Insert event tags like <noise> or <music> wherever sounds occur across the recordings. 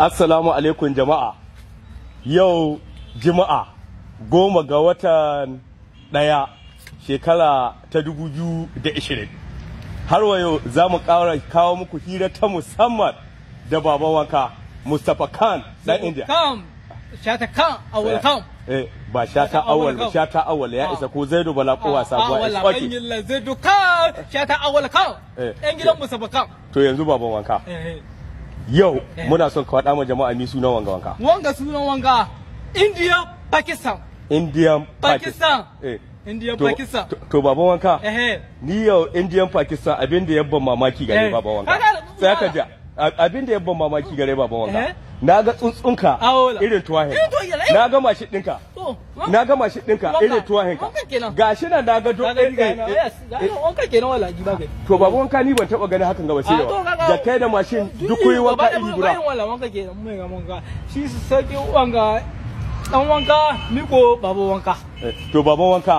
Assalamu alaikum jama'a. Yau Juma'a goma ga watan ɗaya shekara ta dubu biyu da ishirin. Har wa yau za mu kawo muku hira ta musamman da baban wanka Mustapha Khan ɗan India. Shata Khan, awal eh, Khan. Eh, ba shata awal ba shata awal ya ah. isa ko zaidu bala ko wasa ba ah, Awal Khan, shata awal Khan. Ɗan eh. Mustapha Khan. To yanzu baban wanka. Eh, yau muna son ka faɗa ma jama'a mi sunan wanga wanka wanga sunan wanga india pakistan india pakistan eh. india pakistan to baban wanka eh, eh. ni yau india pakistan abin da yabban mamaki gare baban wanka sai ka ja abin da ya ban mamaki gare baban eh? ah, eh? oh, wanga na ga tsuntsunka irin tuwahin na ga mashi dinka na ga mashi dinka irin tuwahin ka gashi nan na ga dogon eh, wanka kenan wala ji bagai to baban wanka ni ban taba gani hakan gaba sai ah, da kai da mashin duk kuyi wanka iri guda wala wanka kenan mai ga wanka shi sauki wanka dan wanka miko baban wanka to baban wanka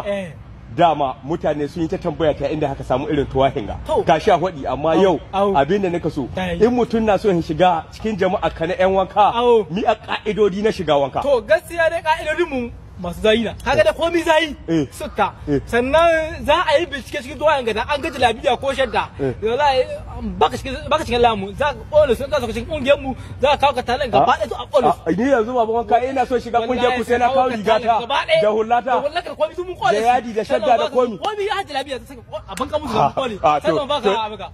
dama mutane sun yi ta tambaya ta inda haka samu irin tuwahin ga ka sha hwadi amma yau abin da nika so in mutum na so ya shiga cikin jama'a ka na yan wanka mi a ka'idodi na shiga wanka to gaskiya dai ka'idodin mu masu zayi na kaga da komi zayi sukka sannan za a yi bincike cikin doyan gada an gaji labiya ko shadda da za a yi baka cikin lamu za ka ƙone sun kasa cikin ƙungiyar mu za ka kawo ka talan gaba ɗaya a a ni yanzu ba wanka ina so shiga kungiyar ku sai na kawo rigata da hulata da hulata da yadi da shadda da komi komi ya haji labiya a banka musu da ƙone sannan ba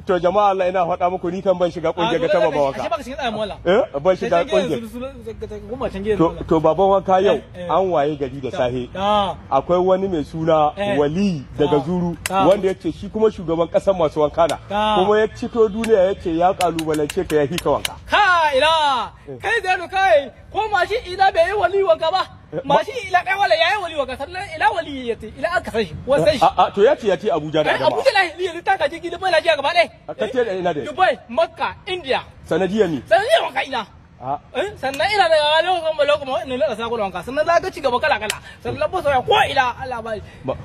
to jama'a Allah ina faɗa muku ni kan ban shiga ƙungiyar ga taba bawaka ashe baka shiga tsayin wala eh ban shiga ƙungiyar to baban wanka yau an waye gari biyu da sahe akwai wani mai suna eh. wali daga zuru wanda ya ce shi kuma shugaban kasar masu wanka na kuma ya cito duniya ya ce ya kalubalance ka ya hika wanka ila eh. kai zai kai ko mashi ila bai yi wali wanka ba eh, mashi ila kai wala yayi wali wanka sannan ila wali ya ce ila aka sai shi wasan to ya ce ya ce Abuja da adama Abuja lahi ne ta kaje gidan Najeriya gaba a ka ce ina da Dubai Makka India sanadiyar ni sanadiyar wanka ina Ah. Eh, sannan ina da gawa lokacin malo kuma wa'in nila da wanka sannan za ka ci gaba kala kala sannan ba sauya ko ila Allah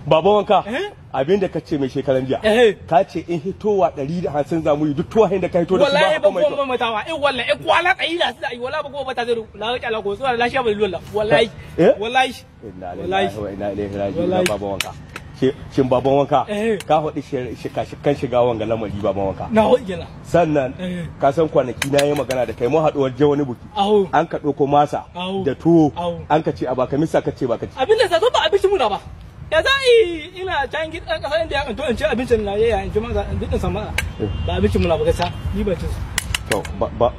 ba wanka eh? abin da ka ce mai shekaran jiya eh, ka ce in hitowa ɗari da hamsin zamu yi duk tuwahin da ka hito da su ba wallahi ba kuma matawa in wallahi in kwala tsayi da su da yi wallahi ba kuma bata zuru la ga ko su da lafiya ba wallahi wallahi wallahi inna lillahi wa inna ilaihi raji'un baba wanka shin baban wanka eh. ka faɗi shika shiga wanga lamari baban wanka na wajela sannan eh. ka san kwanaki na yi magana da kai mu haɗuwar je wani buki an ka ɗauko masa da tuwo an ka ce a baka misa ka ce baka ce. abin da sa ba abinci muna ba ya za yi ina can gidan ƙasa inda ya kanto in ci abincin na yaya in ji maza in dukkan sama eh. ba abincin muna ba gaskiya ni ba ci su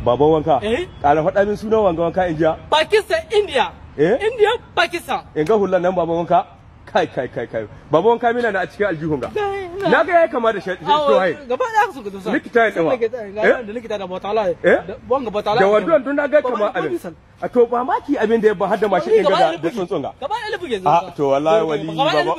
baban wanka ƙara faɗa min sunan wanga wanka in ja. pakistan india india pakistan in ga hulan nan baban wanka kai kai kai kai babu wanka mina na a cikin aljihun ga na ga yayi kama da shi to hai gaba da su gudu sa likita ne ma da likita da botala bon eh? ga botala da wadon dun na ga kama abin a to ba maki abin da ya ba hadda mashi in ga da sun ga gaba da lubuge ah, a to wallahi wali baba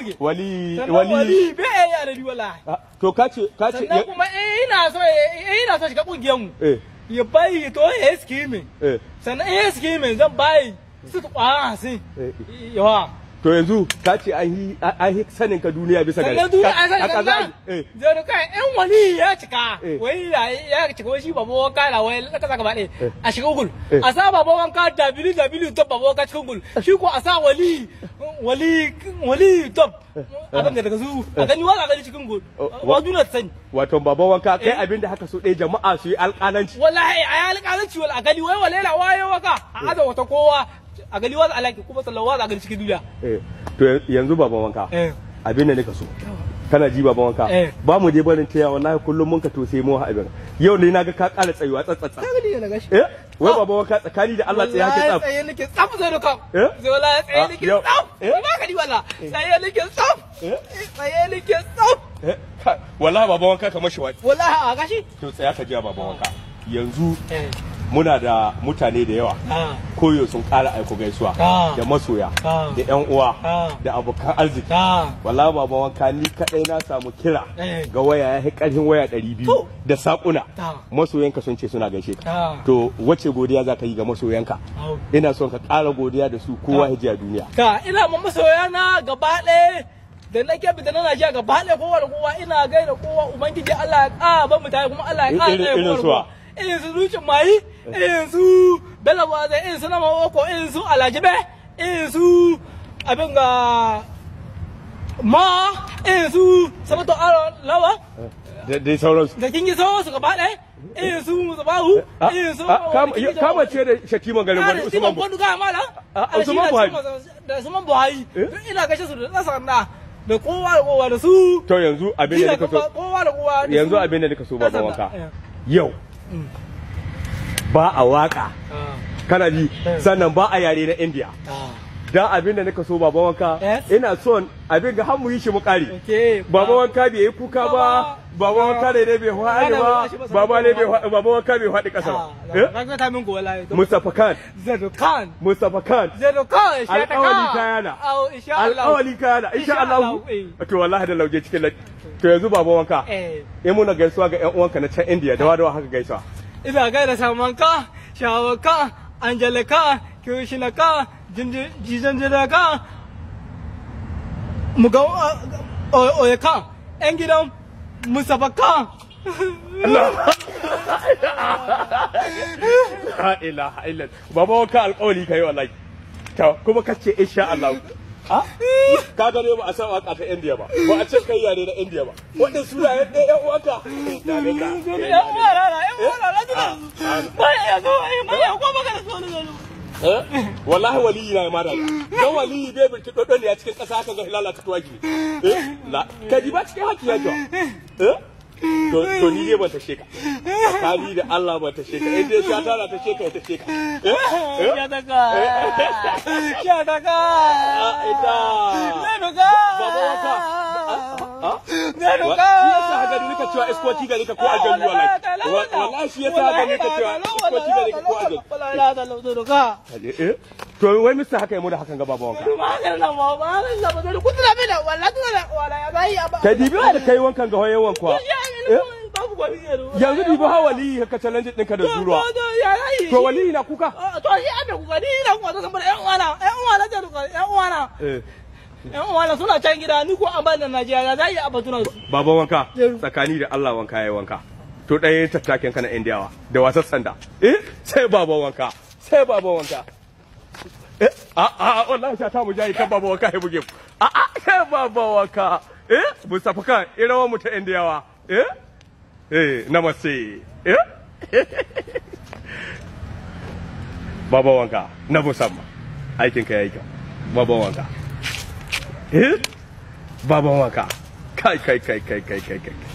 wali wali be ya rabi wallahi ah, to ka ce ka ce sannan kuma eh ina so eh, eh ina so shiga kungiyan mu eh ya bai to eh ya eh sannan eh skimming zan bai su kwara sai eh. yawa to yanzu ka ce an yi sanin ka duniya bisa gari a kaza ka eh. zai kai in wani ya cika eh. wai ya cika wai shi babu wanka la wai ka saka bade a shiga gul eh. a sa babu mu wanka dabili dabili to babu wanka cikin gul shi ko a sa wali wali wali to abin da daga su a gani a gani cikin gul oh, wa duniya sani wato babu wanka kai abin da haka so ɗaya jama'a su yi alƙalanci wallahi yi alƙalanci wala a gani wai yana wayo waka a aza wata kowa a gali wasu alaki kuma sallan wasu a cikin duniya eh, to yanzu baban wanka eh. abin da nika so kana ji baban wanka eh. ba mu je barin taya wallahi kullum mun ka to sai mu abin yau ne naga ka kara tsayuwa tsatsatsa ka gani na gashi eh wai ah. baban wanka tsakani da Allah tsaya ka tsaf tsaye nake tsaf zai doka zai wallahi tsaye ah, nake tsaf ba ka di wallahi tsaye nake tsaf tsaye nake tsaf wallahi baban wanka kamar shi wallahi a gashi to tsaya ka ji baban wanka yanzu muna da mutane da yawa ah. koyo sun kara aiko gaisuwa ah. da masoya ah. da yan uwa da abokan arziki wala baba wanka ni kadai na samu kira eh. ga waya ya karfin waya 200 da sakuna masoyanka sun ce suna gaishe ka to wace godiya za ka yi ga masoyanka ina son ka kara godiya da su kowa hijiya duniya ka ina ma masoyana gaba ɗaya da na kebe da na najiya gaba ɗaya kowa da kowa ina gaida kowa ubangiji Allah ya ƙara ba mutane kuma Allah ya ƙara irin su irin su zuciyar irin su bello waze irin su nama oko irin su alajibe irin su abin ga ma irin su sabato aro lawa da sauransu da kin yi sauransu gaba ɗaya irin su musabahu irin su kama ce da shakiman garin wani usman buhari ga mala ah, ah, usman buhari da usman buhari eh? ina gashe su da nasarar da da kowa da kowa da su to yanzu abin da nika so yanzu abin da nika so ba wanka eh. yau mm. ba a waka ah. kana ji eh. sannan ba a yare na india ah. dan abin da nika so baba wanka ina son abin ga hamu yi shi mukari baba wanka bai yi kuka ba baba wanka ne bai haɗe ba baba ne bai baba wanka bai haɗe ƙasa ba ah, eh? Mustafa Khan Zedo Khan Mustafa Khan Zedo Khan al'awali kayana al'awali kayana insha Allah eh. to wallahi da lauje cikin to yanzu baba wanka eh muna gaisuwa ga 'yan uwanka na can India da wadawa haka gaisuwa إذا غير سامانكا شاوكا أنجلكا كيوشنكا جيزنجلكا مغو أويكا أنجلهم مصابكا la ilaha illa baba wa ka alƙawari kai wallahi to kuma kace insha Allah ka gane ba a san waka ta India ba ba a ce kai yare na India ba wannan sura ya ɗaya uwanka da ne ka Eh? wallahi waliyi na da ga waliyi bai binci dodoli a cikin kasa haka ga lalata tuwaki eh ka ji ba cikin haki ya eh to ni ne ban ta sheka kali da Allah ban ta sheka eh dai shata ta sheka ta sheka na cewa ka ko cewa ka ko to wai mista haka yamu da hakan ga babawan ka ka dibi wa da kai wankan ga hoye wankwa yanzu dibi ha wali ka challenge ɗinka da zuruwa to wali na kuka to shi abin kuka na kuka uwana uwana uwana yan uwana suna can gida ni ko an bani Najeriya za yi a batunan su baba wanka tsakani da Allah wanka yayi wanka to ɗaya tattakin kana indiyawa da wasan sanda eh sai baba wanka sai baba wanka eh a a wallahi sha ta mu jayi kan baba wanka ya buge mu a a sai baba wanka eh mu safa kan irawan mu ta indiyawa eh eh namaste eh <laughs> baba wanka na musamman aikin ka yi kyau baba wanka えバボンアカかいかいかいかいかいかいかい